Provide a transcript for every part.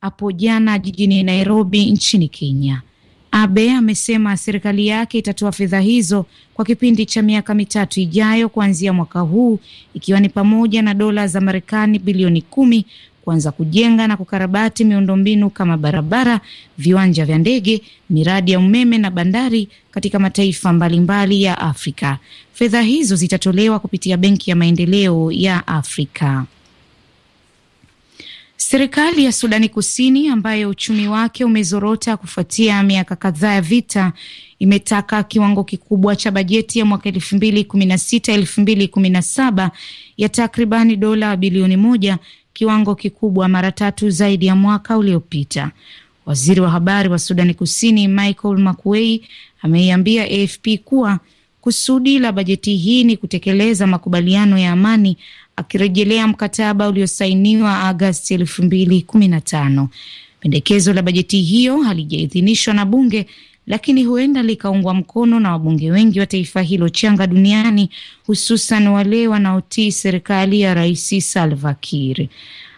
hapo jana jijini Nairobi nchini Kenya. Abe amesema serikali yake itatoa fedha hizo kwa kipindi cha miaka mitatu ijayo kuanzia mwaka huu, ikiwa ni pamoja na dola za Marekani bilioni kumi kuanza kujenga na kukarabati miundombinu kama barabara, viwanja vya ndege, miradi ya umeme na bandari katika mataifa mbalimbali ya Afrika. Fedha hizo zitatolewa kupitia Benki ya Maendeleo ya Afrika. Serikali ya Sudani Kusini ambayo uchumi wake umezorota kufuatia miaka kadhaa ya vita imetaka kiwango kikubwa cha bajeti ya mwaka elfu mbili kumi na sita elfu mbili kumi na saba ya takribani dola bilioni moja, kiwango kikubwa mara tatu zaidi ya mwaka uliopita. Waziri wa habari wa Sudani Kusini Michael Makuei ameiambia AFP kuwa kusudi la bajeti hii ni kutekeleza makubaliano ya amani akirejelea mkataba uliosainiwa Agasti elfu mbili kumi na tano. Pendekezo la bajeti hiyo halijaidhinishwa na bunge lakini huenda likaungwa mkono na wabunge wengi wa taifa hilo changa duniani, hususan wale wanaotii serikali ya Rais Salva Kiir.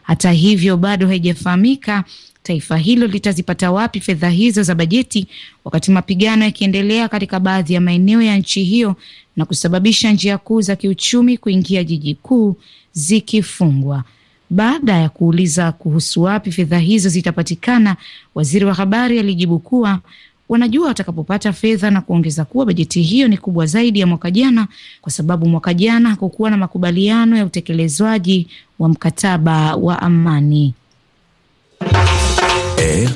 Hata hivyo, bado haijafahamika taifa hilo litazipata wapi fedha hizo za bajeti, wakati mapigano yakiendelea katika baadhi ya maeneo ya nchi hiyo na kusababisha njia kuu za kiuchumi kuingia jiji kuu zikifungwa. Baada ya kuuliza kuhusu wapi fedha hizo zitapatikana, waziri wa habari alijibu kuwa wanajua watakapopata fedha, na kuongeza kuwa bajeti hiyo ni kubwa zaidi ya mwaka jana, kwa sababu mwaka jana hakukuwa na makubaliano ya utekelezwaji wa mkataba wa amani. R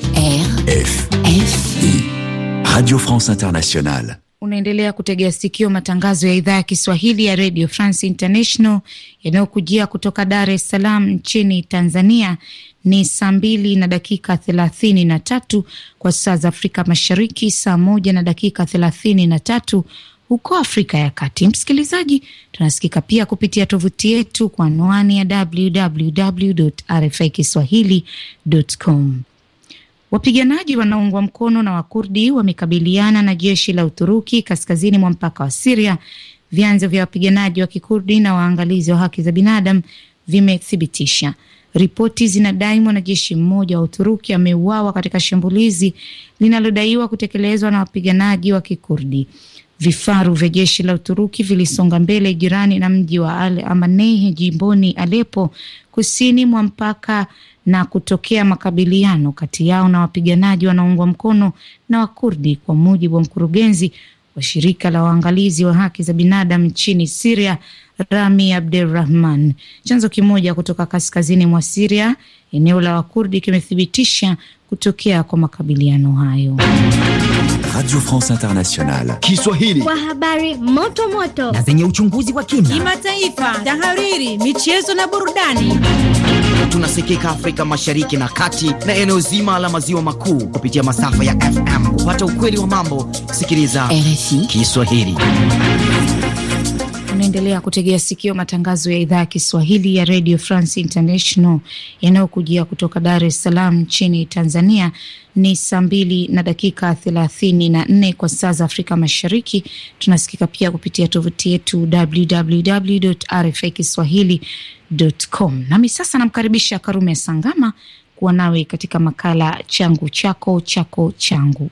Radio France Internationale. Unaendelea kutegea sikio matangazo ya idhaa ya Kiswahili ya Radio France International yanayokujia kutoka Dar es Salaam nchini Tanzania ni saa mbili na dakika thelathini na tatu kwa saa za Afrika Mashariki, saa moja na dakika thelathini na tatu huko Afrika ya Kati. Msikilizaji, tunasikika pia kupitia tovuti yetu kwa anwani ya www RFI kiswahili.com. Wapiganaji wanaoungwa mkono na Wakurdi wamekabiliana na jeshi la Uturuki kaskazini mwa mpaka wa Siria. Vyanzo vya wapiganaji wa Kikurdi na waangalizi wa haki za binadamu vimethibitisha Ripoti zinadai mwanajeshi mmoja wa Uturuki ameuawa katika shambulizi linalodaiwa kutekelezwa na wapiganaji wa Kikurdi. Vifaru vya jeshi la Uturuki vilisonga mbele jirani na mji wa Al amanehi jimboni Alepo kusini mwa mpaka na kutokea makabiliano kati yao na wapiganaji wanaoungwa mkono na Wakurdi, kwa mujibu wa mkurugenzi wa shirika la waangalizi wa haki za binadamu nchini Siria Rami Abderrahman. Chanzo kimoja kutoka kaskazini mwa Siria, eneo la Wakurdi, kimethibitisha kutokea kwa makabiliano hayo. Radio France Internationale Kiswahili, kwa habari moto moto na zenye uchunguzi wa kina, kimataifa, tahariri, michezo na burudani. Tunasikika Afrika Mashariki na Kati na eneo zima la maziwa makuu kupitia masafa ya FM. Kupata ukweli wa mambo, sikiliza RFI Kiswahili. Unaendelea kutegea sikio matangazo ya idhaa ya Kiswahili ya Radio France International yanayokujia kutoka Dar es Salaam nchini Tanzania. Ni saa mbili na dakika thelathini na nne kwa saa za Afrika Mashariki. Tunasikika pia kupitia tovuti yetu www RFI kiswahilicom. Nami sasa namkaribisha Karume Sangama kuwa nawe katika makala changu chako chako changu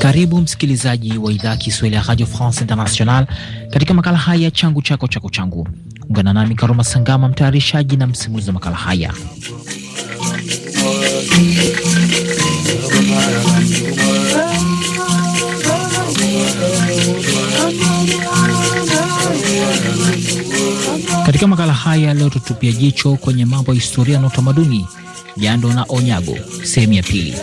Karibu msikilizaji wa idhaa Kiswahili ya Radio France International katika makala haya changu chako chako changu. Ungana nami Karoma Sangama, mtayarishaji na msimulizi wa makala haya. Katika makala haya leo tutupia jicho kwenye mambo ya historia na utamaduni, jando na onyago, sehemu ya pili.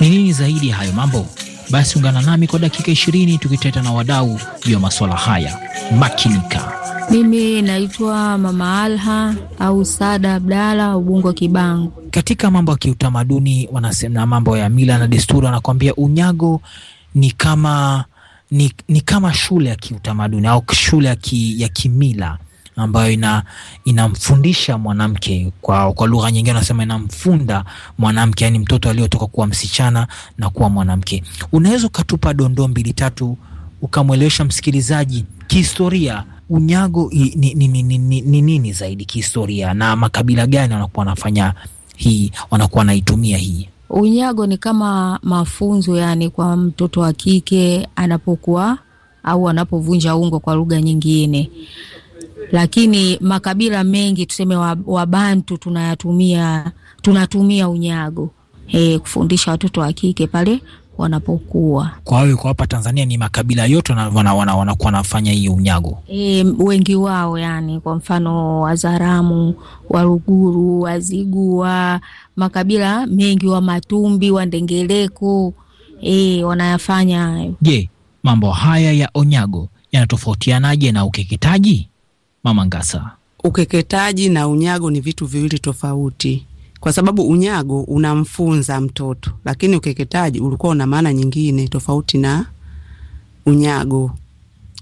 Ni nini zaidi ya hayo mambo? basi ungana nami kwa dakika ishirini tukiteta na wadau juu ya masuala haya. Makinika. Mimi naitwa Mama Alha au Sada Abdala Ubungo kibango Katika mambo ya kiutamaduni wanasema, mambo ya mila na desturi, wanakuambia unyago ni kama ni, ni kama shule ya kiutamaduni au shule ya, ki, ya kimila ambayo ina inamfundisha mwanamke kwa, kwa lugha nyingine anasema inamfunda mwanamke, yani mtoto aliyotoka kuwa msichana na kuwa mwanamke. Unaweza ukatupa dondoo mbili tatu ukamwelewesha msikilizaji kihistoria unyago ni nini ni, ni, ni, ni zaidi kihistoria, na makabila gani wanakuwa wanafanya hii, wanakuwa wanaitumia hii unyago? Ni kama mafunzo yani kwa mtoto wa kike anapokuwa au anapovunja ungo, kwa lugha nyingine lakini makabila mengi tuseme Wabantu wa tunayatumia tunatumia unyago e, kufundisha watoto wa kike pale wanapokuwa. Kwa hiyo kwa hapa Tanzania ni makabila yote wanakuwa wana, wanafanya hiyo unyago e, wengi wao yani, kwa mfano Wazaramu, Waruguru, Wazigua, makabila mengi wa Matumbi, wa Ndengeleku e, wanayafanya. Je, mambo haya ya onyago yanatofautianaje na ukeketaji? Mama Ngasa. Ukeketaji na unyago ni vitu viwili tofauti, kwa sababu unyago unamfunza mtoto, lakini ukeketaji ulikuwa una maana nyingine tofauti na unyago.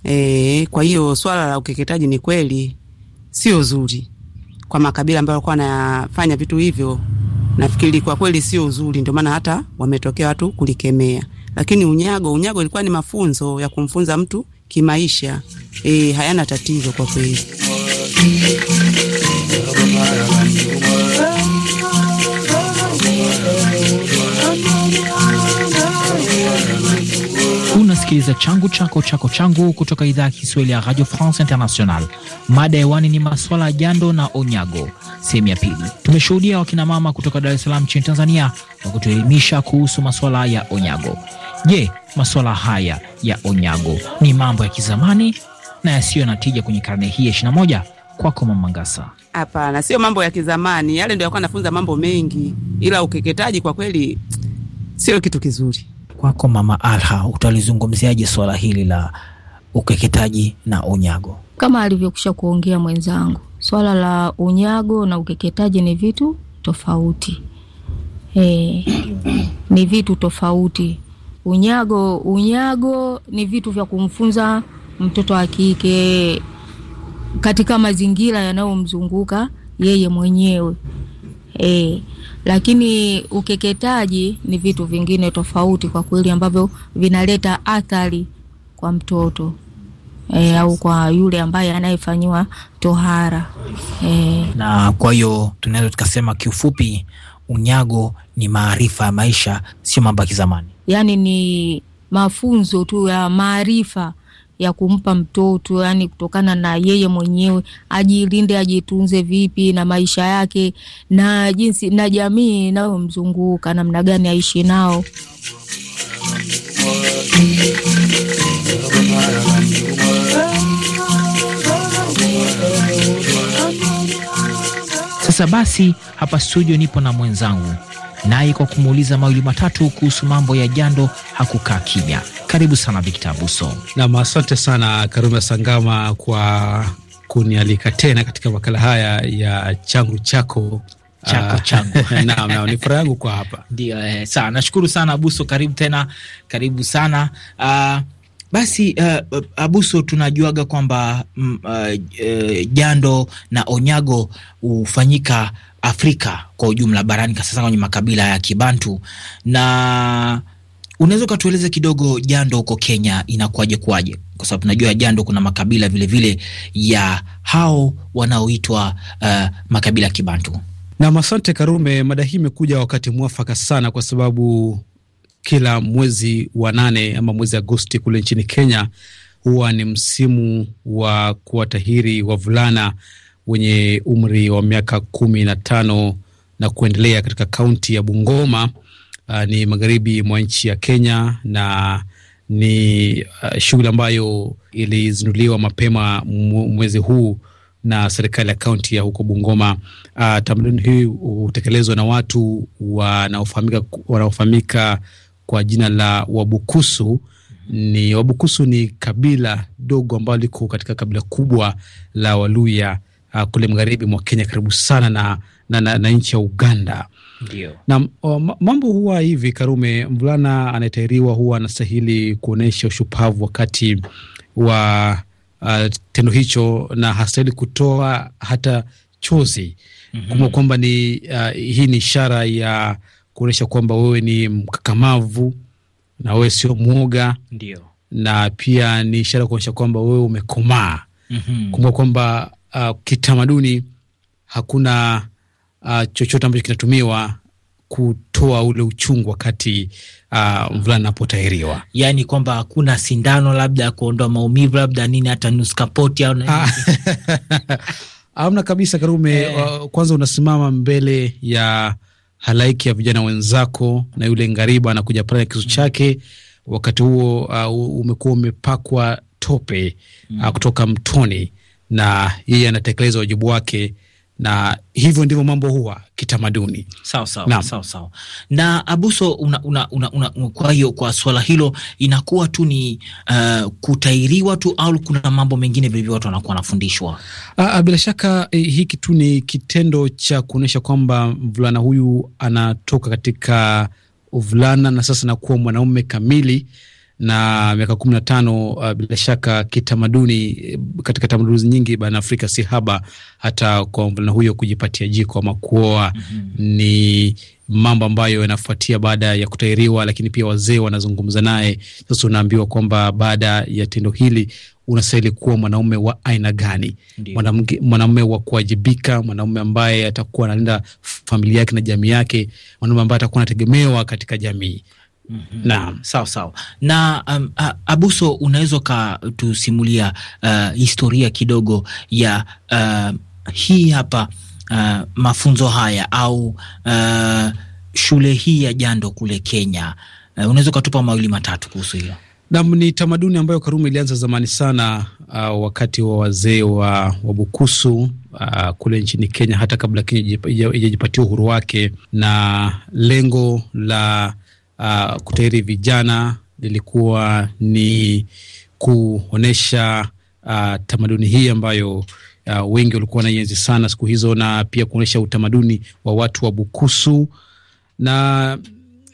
E, kwa hiyo swala la ukeketaji ni kweli sio zuri kwa makabila ambayo alikuwa anafanya vitu hivyo, nafikiri kwa kweli sio uzuri, ndio maana hata wametokea watu kulikemea. Lakini unyago, unyago ilikuwa ni mafunzo ya kumfunza mtu kimaisha e, hayana tatizo kwa kweli. Unasikiliza changu chako chako changu kutoka idhaa ya Kiswahili ya Radio France International. Mada hewani ni maswala ya jando na onyago Sehemu ya pili, tumeshuhudia wakinamama kutoka Dar es Salaam nchini Tanzania wakutuelimisha kutuelimisha kuhusu maswala ya onyago Je, masuala haya ya Onyago ni mambo ya kizamani na yasiyo na tija kwenye karne hii ya ishirini na moja? Kwako Mama Ngasa. Hapana, sio mambo ya kizamani yale, ndio yakuwa nafunza mambo mengi, ila ukeketaji kwa kweli sio kitu kizuri. Kwako Mama Alha, utalizungumziaje swala hili la ukeketaji na unyago? Kama alivyokwisha kuongea mwenzangu, swala la unyago na ukeketaji ni vitu tofauti. E, ni vitu tofauti unyago. Unyago ni vitu vya kumfunza mtoto wa kike katika mazingira yanayomzunguka yeye mwenyewe e. Lakini ukeketaji ni vitu vingine tofauti kwa kweli, ambavyo vinaleta athari kwa mtoto e, au kwa yule ambaye anayefanyiwa tohara e. Na kwa hiyo tunaweza tukasema kiufupi, unyago ni maarifa ya maisha, sio mambo ya kizamani yani ni mafunzo tu ya maarifa ya kumpa mtoto, yani kutokana na yeye mwenyewe ajilinde, ajitunze vipi na maisha yake na jinsi na jamii inayomzunguka namna gani aishi nao. Sasa basi, hapa studio nipo na mwenzangu naye kwa kumuuliza mawili matatu kuhusu mambo ya jando hakukaa kimya. Karibu sana Victor Abuso. Nam, asante sana Karume Sangama kwa kunialika tena katika makala haya ya changu chako chako ah, ni furaha yangu kwa hapa ndio. Eh, sawa, nashukuru sana Abuso, karibu tena, karibu sana uh, basi uh, Abuso, tunajuaga kwamba uh, uh, jando na onyago hufanyika Afrika kwa ujumla barani sasa kwenye makabila ya Kibantu, na unaweza ukatueleza kidogo jando huko Kenya inakuwaje kwaje? Kwa sababu tunajua jando kuna makabila vilevile vile ya hao wanaoitwa uh, makabila ya Kibantu. Nam, asante Karume. Mada hii imekuja wakati mwafaka sana, kwa sababu kila mwezi wa nane ama mwezi Agosti kule nchini Kenya huwa ni msimu wa kuwatahiri wavulana wenye umri wa miaka kumi na tano na kuendelea katika kaunti ya Bungoma. Uh, ni magharibi mwa nchi ya Kenya na ni uh, shughuli ambayo ilizinduliwa mapema mwezi huu na serikali ya kaunti ya huko Bungoma. Uh, tamaduni hii hutekelezwa na watu wanaofahamika wanaofahamika kwa jina la Wabukusu. Ni Wabukusu ni kabila dogo ambalo liko katika kabila kubwa la Waluya uh, kule magharibi mwa Kenya karibu sana na, na, na, na nchi ya Uganda. Ndiyo. Na o, uh, mambo huwa hivi Karume, mvulana anayetairiwa huwa anastahili kuonyesha ushupavu wakati wa uh, tendo hicho, na hastahili kutoa hata chozi mm -hmm. kwamba ni uh, hii ni ishara ya kuonyesha kwamba wewe ni mkakamavu na wewe sio mwoga. Ndiyo. Na pia ni ishara kuonyesha kwamba wewe umekomaa. Mm -hmm. Kumbuka kwamba uh, kitamaduni hakuna uh, chochote ambacho kinatumiwa kutoa ule uchungu wakati uh, mvulana anapotahiriwa, yaani kwamba hakuna sindano labda ya kuondoa maumivu labda nini, hata nuskapoti au ah. hamna kabisa. Karume, eh, uh, kwanza unasimama mbele ya halaiki ya vijana wenzako na yule ngariba anakuja pale na kisu mm. chake, wakati huo uh, umekuwa umepakwa tope uh, mm. kutoka mtoni na yeye anatekeleza wajibu wake na hivyo ndivyo mambo huwa kitamaduni. Sawa sawa sawa sawa. Na Abuso, una, una, una, una, kwa hiyo kwa swala hilo inakuwa tu ni uh, kutairiwa tu au kuna mambo mengine vilivyo watu wanakuwa wanafundishwa? Ah, ah, bila shaka eh, hiki tu ni kitendo cha kuonyesha kwamba mvulana huyu anatoka katika uvulana na sasa nakuwa mwanaume kamili na miaka kumi na tano uh, bila shaka kitamaduni, eh, katika tamaduni nyingi barani Afrika si haba hata kwa mvulana huyo kujipatia jiko ama kuoa. mm -hmm. Ni mambo ambayo yanafuatia baada ya kutairiwa, lakini pia wazee wanazungumza naye. Sasa unaambiwa kwamba baada ya tendo hili unastahili kuwa mwanaume wa aina gani? Mwanaume wa kuwajibika, mwanaume ambaye atakuwa analinda familia yake na jamii yake, mwanaume ambaye atakuwa anategemewa katika jamii. Mm -hmm. Naam, sawa sawa na um, Abuso, unaweza ukatusimulia uh, historia kidogo ya uh, hii hapa uh, mafunzo haya au uh, shule hii ya Jando kule Kenya uh, unaweza ukatupa mawili matatu kuhusu hiyo Naam, ni tamaduni ambayo Karume ilianza zamani sana uh, wakati wa wazee wa Wabukusu uh, kule nchini Kenya hata kabla Kenya ijajipatia uhuru wake na lengo la uh, ah, kutairi vijana lilikuwa ni kuonyesha uh, ah, tamaduni hii ambayo uh, wengi walikuwa wanaienzi sana siku hizo, na pia kuonyesha utamaduni wa watu wa Bukusu, na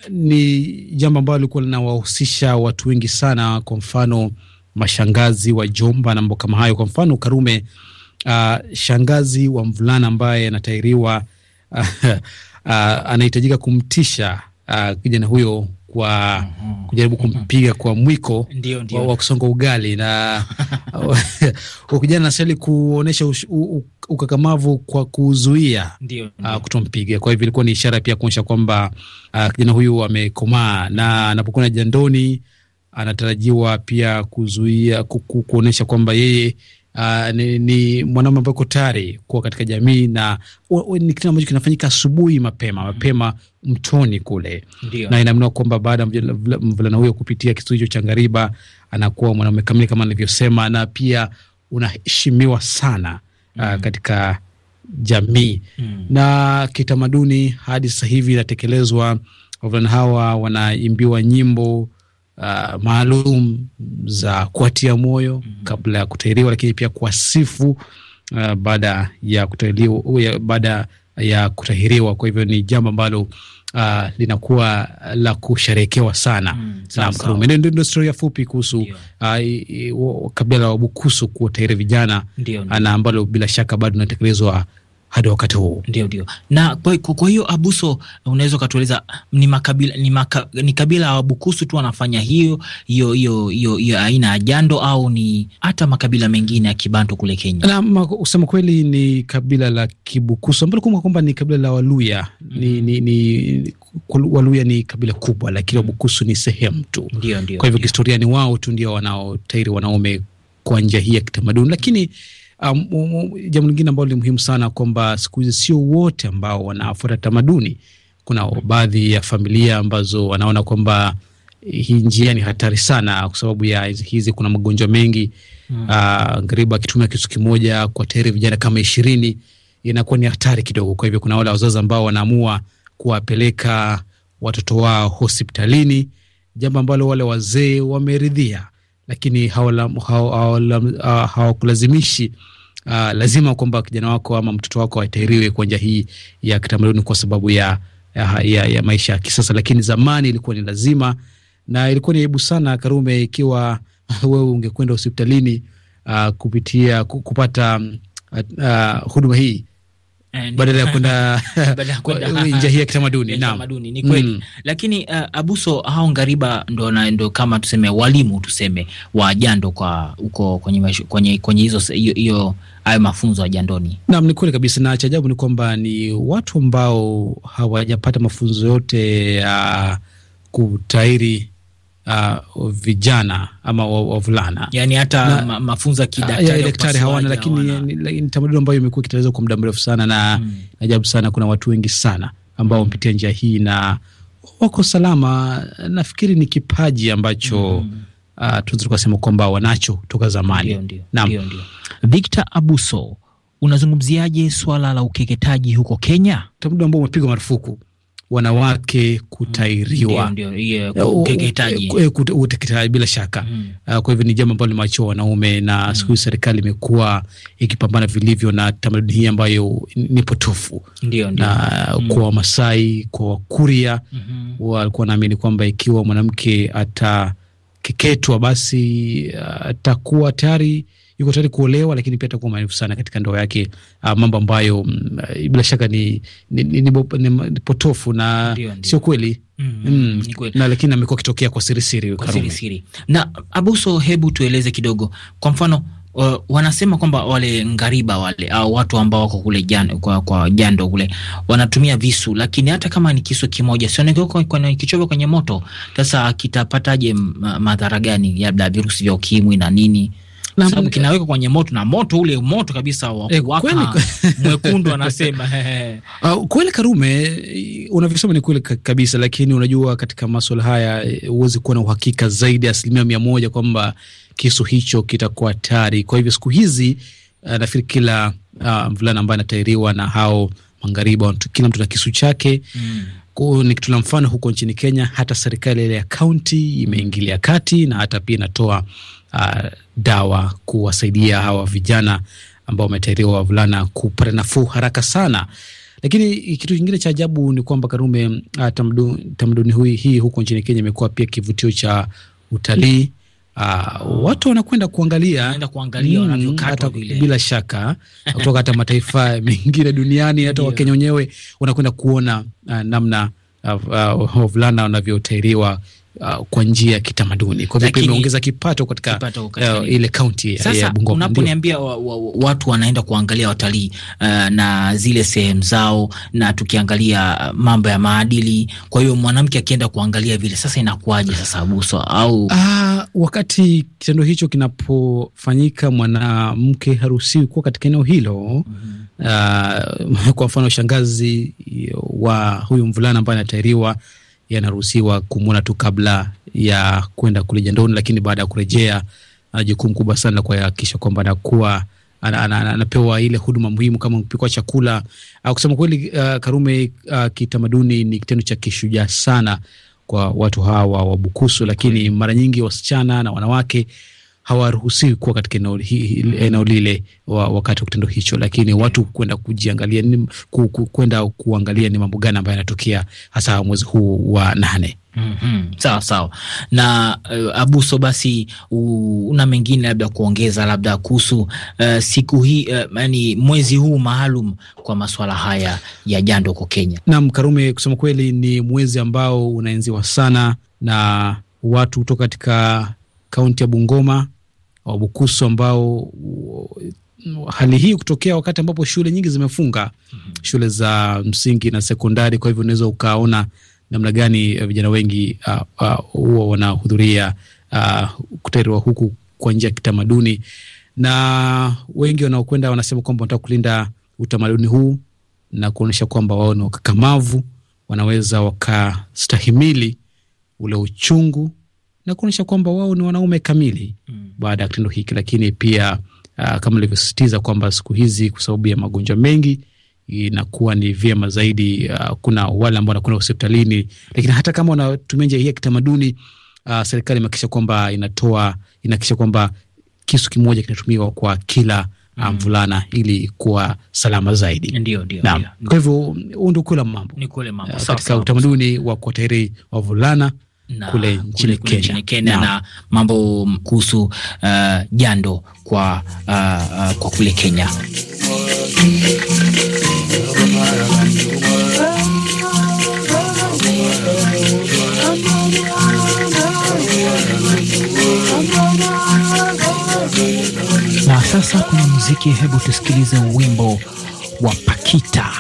ni jambo ambalo lilikuwa linawahusisha watu wengi sana, kwa mfano mashangazi wa jomba na mambo kama hayo. Kwa mfano Karume, uh, shangazi wa mvulana ambaye anatairiwa uh, uh, anahitajika kumtisha uh, kijana huyo kwa mhm. kujaribu kumpiga kwa mwiko ndiyo, ndiyo, wa kusonga ugali na kijana nasali kuonyesha ukakamavu kwa kuzuia uh, kutompiga. Kwa hivyo ilikuwa ni ishara pia kuonyesha kwamba uh, kijana huyu amekomaa, na na jandoni anatarajiwa pia kuzuia kuonyesha kwamba yeye Uh, ni, ni mwanaume ambaye uko tayari kuwa katika jamii na ni kitu ambacho kinafanyika asubuhi mapema mapema mtoni kule Ndiyo. Na inaaminiwa kwamba baada ya mvulana huyo kupitia kisu hicho cha ngariba anakuwa mwanaume kamili kama nilivyosema, na pia unaheshimiwa sana uh, mm. katika jamii mm. na kitamaduni. Hadi sasa hivi inatekelezwa, wavulana hawa wanaimbiwa nyimbo uh, maalum za kuatia moyo mhm. kabla ya kutahiriwa, lakini pia kuwasifu uh, baada ya kutahiriwa, baada ya kutahiriwa. Kwa hivyo ni jambo ambalo Uh, linakuwa la kusherehekewa sana. Mm, na Karume, ndio historia fupi kuhusu uh, kabila la Wabukusu kuwatahiri vijana na ambalo bila shaka bado inatekelezwa hadi wakati huu. Ndio, ndio. Na kwa, kwa hiyo Abuso, unaweza ukatueleza ni makabila ni, maka, ni kabila ya Wabukusu tu wanafanya hiyo hiyo hiyo hiyo aina ya jando au ni hata makabila mengine ya Kibantu kule Kenya? Na usema kweli ni kabila la Kibukusu ambalo kumbuka kwamba ni kabila la Waluya mm-hmm. ni, ni, ni Waluya ni kabila kubwa, lakini mm-hmm. Wabukusu ni sehemu tu. Ndio, ndio. Kwa hivyo historiani wao tu ndio wanaotairi wanaume kwa njia hii ya kitamaduni, lakini Um, jambo lingine ambalo ni muhimu sana kwamba siku hizi sio wote ambao wanafuata tamaduni. Kuna baadhi ya familia ambazo wanaona kwamba eh, hii njia ni hatari sana kwa sababu ya hizi, kuna magonjwa mengi mm. Uh, ah, ngariba akitumia kitu kimoja kwa tayari vijana kama ishirini inakuwa ni hatari kidogo. Kwa hivyo kuna wale wazazi ambao wanaamua kuwapeleka watoto wao hospitalini, jambo ambalo wale wazee wameridhia lakini ah, hawakulazimishi uh, lazima kwamba kijana wako ama mtoto wako aitairiwe kwa njia hii ya kitamaduni kwa sababu ya, ya, ya, ya maisha ya kisasa, lakini zamani ilikuwa ni lazima na ilikuwa ni aibu sana, Karume, ikiwa wewe ungekwenda hospitalini uh, kupitia kupata uh, uh, huduma hii badala ya kwenda njia hii ya kitamaduni kitamaduni, ni kweli mm. Lakini uh, Abuso, hao ngariba ndo, na, ndo kama tuseme walimu tuseme wa jando kwa huko kwenye, kwenye, kwenye hizo hiyo hayo mafunzo ya jandoni. Naam, ni kweli kabisa, na cha ajabu ni kwamba ni watu ambao hawajapata mafunzo yote ya uh, kutairi uh, vijana ama wavulana, yani hata na, mafunzo ya ah, kidaktari hawana, lakini ni tamaduni ambayo imekuwa ikitekelezwa kwa muda mrefu sana na hmm. ajabu sana, kuna watu wengi sana ambao hmm. wamepitia hmm. njia hii na wako salama. Nafikiri ni kipaji ambacho hmm. uh, tunaweza tukasema kwamba wanacho toka zamani. Naam, Victor Abuso, unazungumziaje swala la ukeketaji huko Kenya, tamaduni ambao umepigwa marufuku wanawake kutairiwa, eh, uteketaji eh, bila shaka mm. Ah, kwa hivyo ni jambo ambalo limewachiwa wanaume na mm. Siku hizi serikali imekuwa ikipambana vilivyo na tamaduni hii ambayo ni potofu Na mm. kwa Wamasai, kwa Wakuria mm -hmm. walikuwa wanaamini kwamba ikiwa mwanamke atakeketwa basi ah, atakuwa tayari yuko tayari kuolewa, lakini pia atakuwa maarufu sana katika ndoa yake, ah, mambo ambayo mm, eh, bila shaka ni, ni, ni, ni, ni, ni potofu na sio kweli. Mm, mm. na lakini amekuwa akitokea kwa sirisiri kwa sirisiri. Na Abuso, hebu tueleze kidogo, kwa mfano uh, wanasema kwamba wale ngariba wale au uh, watu ambao wako kule jando, kwa, kwa jando kule wanatumia visu, lakini hata kama ni kisu kimoja sikichova kwenye moto, sasa kitapataje mm, madhara gani, labda virusi vya ukimwi na nini? sababu kinawekwa kwenye moto na moto ule moto kabisa wa eh, kuwaka mwekundu anasema uh, kweli Karume, unavyosema ni kweli kabisa, lakini unajua katika maswala haya eh, huwezi kuwa na uhakika zaidi ya asilimia mia moja kwamba kisu hicho kitakuwa hatari. Kwa hivyo siku hizi uh, nafikiri kila uh, mvulana ambaye anatairiwa na hao mangariba, kila mtu na kisu chake mm. Nikitula mfano huko nchini Kenya, hata serikali ile ya kaunti imeingilia kati na hata pia inatoa uh, dawa kuwasaidia hawa vijana ambao wametahiriwa wavulana kupata nafuu haraka sana. Lakini kitu kingine cha ajabu ni kwamba Karume, ah, tamaduni hui hii huko nchini Kenya imekuwa pia kivutio cha utalii. Uh, watu wanakwenda kuangalia, kuangalia mm, hata bila shaka kutoka hata mataifa mengine duniani hata Wakenya wenyewe wanakwenda kuona uh, namna wavulana uh, uh, wanavyotairiwa uh, kwa njia ya kitamaduni. Kwa hivyo imeongeza kipato katika kipato uh, ile kaunti ya Bungoma. Unaponiambia wa, wa, watu wanaenda kuangalia watalii uh, na zile sehemu zao, na tukiangalia mambo ya maadili, kwa hiyo mwanamke akienda kuangalia vile sasa inakuwaje sasa Abuso au uh, wakati kitendo hicho kinapofanyika mwanamke haruhusiwi kuwa katika eneo hilo mm. Uh, kwa mfano shangazi wa huyu mvulana ambaye anatairiwa yanaruhusiwa kumwona tu kabla ya kwenda kule jandoni, lakini baada ya kurejea ana ah, jukumu kubwa sana la kuhakikisha kwamba anakuwa anapewa ile huduma muhimu kama kupikwa chakula. Ah, kusema kweli, uh, Karume, uh, kitamaduni ni kitendo cha kishujaa sana kwa watu hawa wa Bukusu, lakini mara nyingi wasichana na wanawake hawaruhusiwi kuwa katika eneo lile wa, wakati wa kitendo hicho, lakini mm. watu kwenda kujiangalia kwenda ku, ku, kuangalia ni mambo gani ambayo yanatokea hasa mwezi huu wa nane. Mm -hmm. Sawa sawa na uh, Abuso, basi una mengine labda kuongeza labda kuhusu uh, siku hii uh, yani mwezi huu maalum kwa maswala haya ya jando huko Kenya? Naam, Karume, kusema kweli ni mwezi ambao unaenziwa sana na watu kutoka katika kaunti ya Bungoma Wabukusu ambao uh, hali hii kutokea wakati ambapo shule nyingi zimefunga, mm -hmm. shule za msingi na sekondari. Kwa hivyo unaweza ukaona namna gani uh, vijana wengi huwa uh, uh, wanahudhuria uh, kutairiwa huku kwa njia ya kitamaduni, na wengi wanaokwenda wanasema kwamba wanataka kulinda utamaduni huu na kuonyesha kwamba wao ni wakakamavu, wanaweza wakastahimili ule uchungu na kuonyesha kwamba wao ni wanaume kamili mm baada ya kitendo hiki, lakini pia uh, kama ilivyosisitiza kwamba siku hizi kwa sababu ya magonjwa mengi inakuwa ni vyema zaidi uh, kuna wale ambao wanakwenda hospitalini, lakini hata kama wanatumia njia hii ya kitamaduni uh, serikali imehakikisha kwamba inatoa inahakikisha kwamba kisu kimoja kinatumiwa kwa kila mm. mvulana mm. ili kuwa salama zaidi. Ndio, ndio, kwa hivyo huu ndio kule mambo, ni kule mambo katika utamaduni wa kuwatahiri wavulana na kule nchini Kenya, Kenya na, na mambo kuhusu uh, jando kwa, uh, uh, kwa kule Kenya. Na sasa kuna muziki, hebu tusikilize wimbo wa Pakita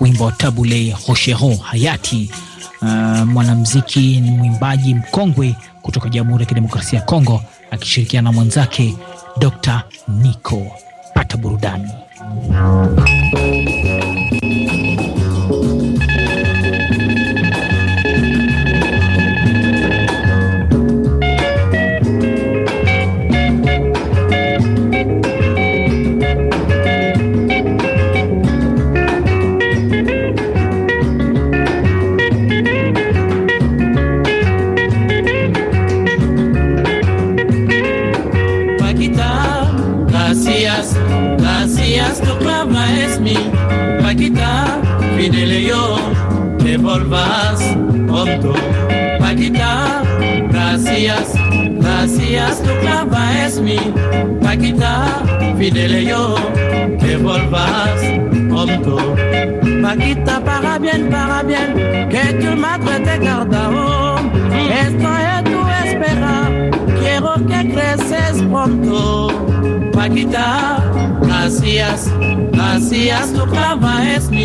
wimbo wa Tabule Rocheron hayati uh, mwanamziki ni mwimbaji mkongwe kutoka Jamhuri ya Kidemokrasia ya Kongo akishirikiana na mwenzake Dr. Nico. Pata burudani. Gracias, gracias, tu clama es mi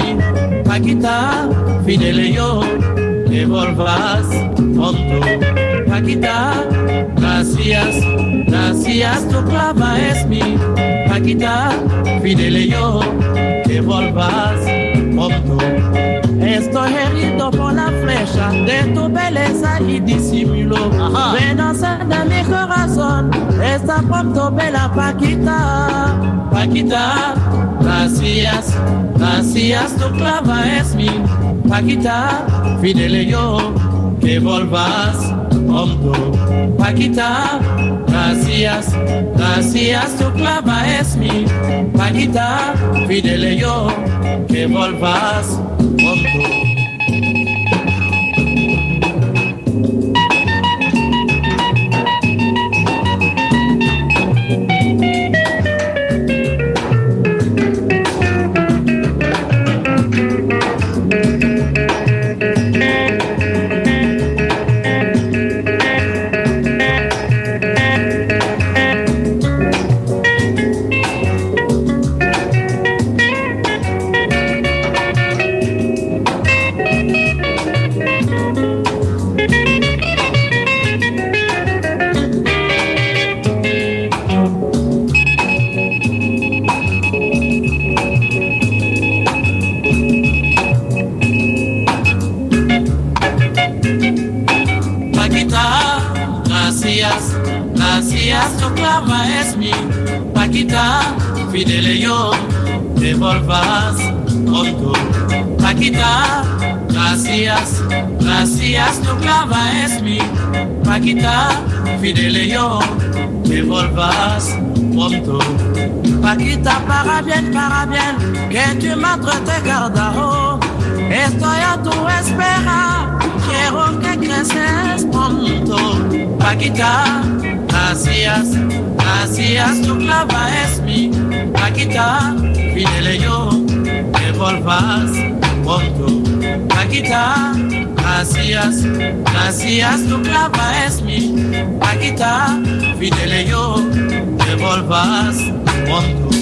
Paquita, fidele yo, que volvás pronto. Paquita, gracias, gracias, tu clama es mi Paquita, fidele yo, que volvás pronto. Estoy herido por la flecha de tu belleza y disimulo. ser de mi corazón, esta pronto bella Paquita. Paquita, gracias, gracias, tu clava es mi. Paquita, fidele yo, que volvas hondo. Paquita, gracias, gracias, tu clava es mi. Paquita, pídele yo que volvas hondo. tocaba es mi Paquita, fidele yo, me pronto. Paquita, para bien, para bien, que tu madre te guardará. Estoy a tu espera, quiero que creces pronto. Paquita, gracias, gracias, tu clava es mi Paquita, fidele yo, me volvas pronto. Paquita, así es, tu clava es mi paquita, pídele yo que volvas pronto.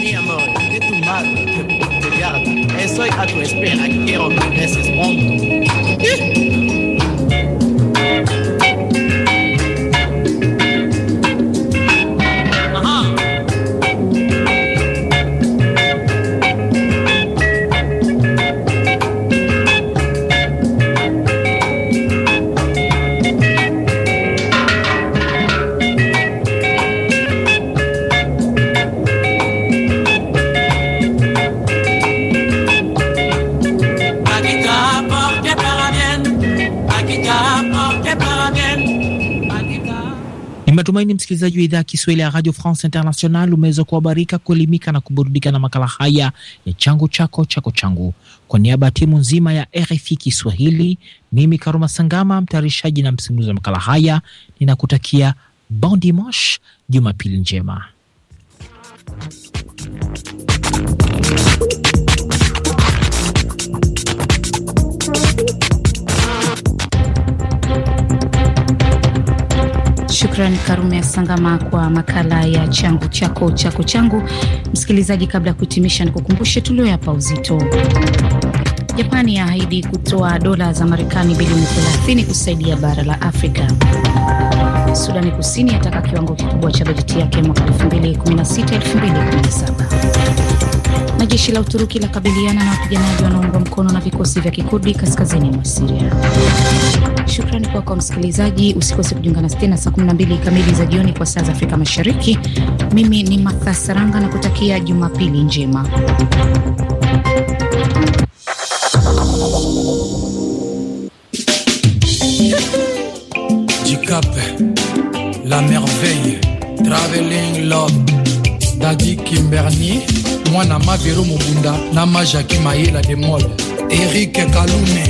Mi amor, de tu madre te, te, estoy a tu espera, quiero que regreses pronto. msikilizaji wa idhaa Kiswahili ya Radio France International, umeweza kuhabarika, kuelimika na kuburudika na makala haya ya changu chako chako changu. Kwa niaba ya timu nzima ya RFI Kiswahili, mimi Karuma Sangama, mtayarishaji na msimulizi wa makala haya, ninakutakia bon dimanche, Jumapili njema. shukran Karume ya Sangama kwa makala ya changu chako chako changu. Msikilizaji, kabla ya kuhitimisha, ni kukumbushe tuliyoyapa uzito. Japani yaahidi kutoa dola za Marekani bilioni 30 kusaidia bara la Afrika. Sudani Kusini yataka kiwango kikubwa cha bajeti yake mwaka 2016 2017 na jeshi la Uturuki la kabiliana na wapiganaji wanaungwa mkono na vikosi vya Kikurdi kaskazini mwa Siria. Shukrani kwako kwa msikilizaji, usikose kujiunga nasi tena saa 12 kamili za jioni kwa saa za Afrika Mashariki. Mimi ni Matha Saranga na kutakia Jumapili njema. Jikape, la merveille, traveling love dadi kimberni mwana mabero mobunda na majaki mayela de mol erik kalune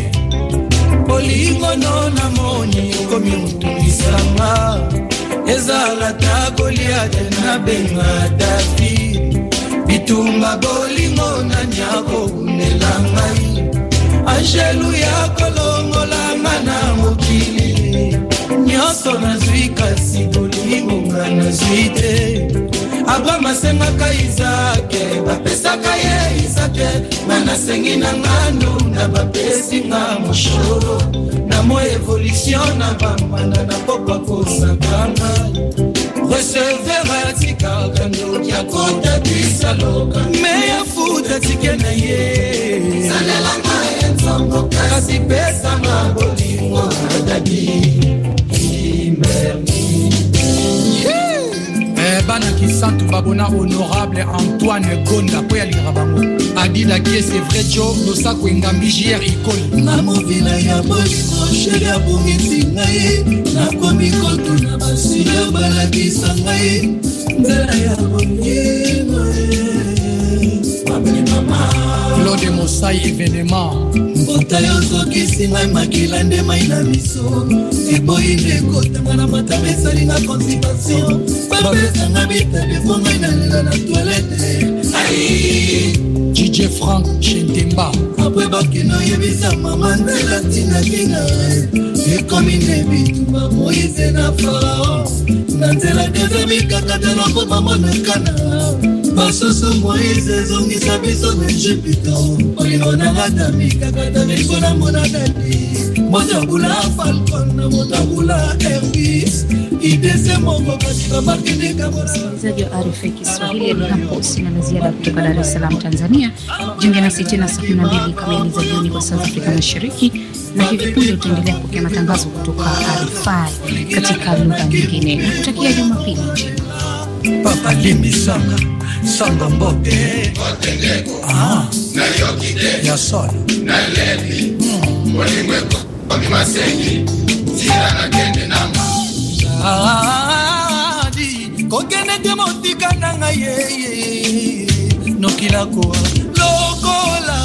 bolingono na moni okomi motulisanga ezala ta goliate na benga dafi bitumba bolingo nani akobundela ngai angelu ya kolongolanga na mokili nyonso nazwi kasi bolingo nga nazwi te abraham asengaka izake bapesaka ye izake nga nasengi na ngandu na bapesinga moshoro na mo evolution na bambanda na pokwa kosaka ngai recever atikaka ndoki akota bisaloka me afuta tike na ye salelanga ye nzongo kasi pesanga bolingo adadi bana kisantu babona honorable antoine gonda mpo yalingaka bango adidaki esevre jo losako engambi jr ikoli na mokila ya bolingo sheri abungisi ngai nakomi kotuna basila balakisa ngai nzela ya bolingo mama claude mosai événement mbota yo sokisi ngai makila nde mai na miso eboyi nde ekotanga na matama esalinga constipation bapesanga bitabefo ngai na lela na toilette dj frank chentemba apre bakende oyebisa mama ndela tinakina ekomi nde bituba moise na farao na nzela dezemikakatelo mpo mamonakana basusu biso na falcon na idese moko wa arifa kiswahili hapo na la ziada kutoka dar es tanzania jiunge na tena saa kumi na mbili kamili za jioni kwa saa africa mashariki na hivi punde utaendelea kupokea matangazo kutoka rfi katika lugha nyingine nakutakia jumapili njema sanga mbote nayoki ah. te ya solo nalebi hmm. ah, olingo ekomi masengi zila nakende nanga kokende te motika na ngai yeye nokila koa lokola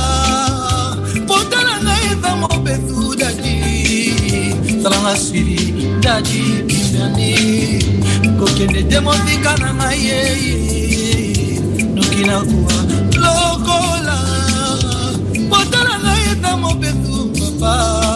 potala ngai eza mobesu dadi salanga siri dadi kindani kokende te motika na ngai yeye ezalaki na kuwa lokola botala ngai eza mobesu papa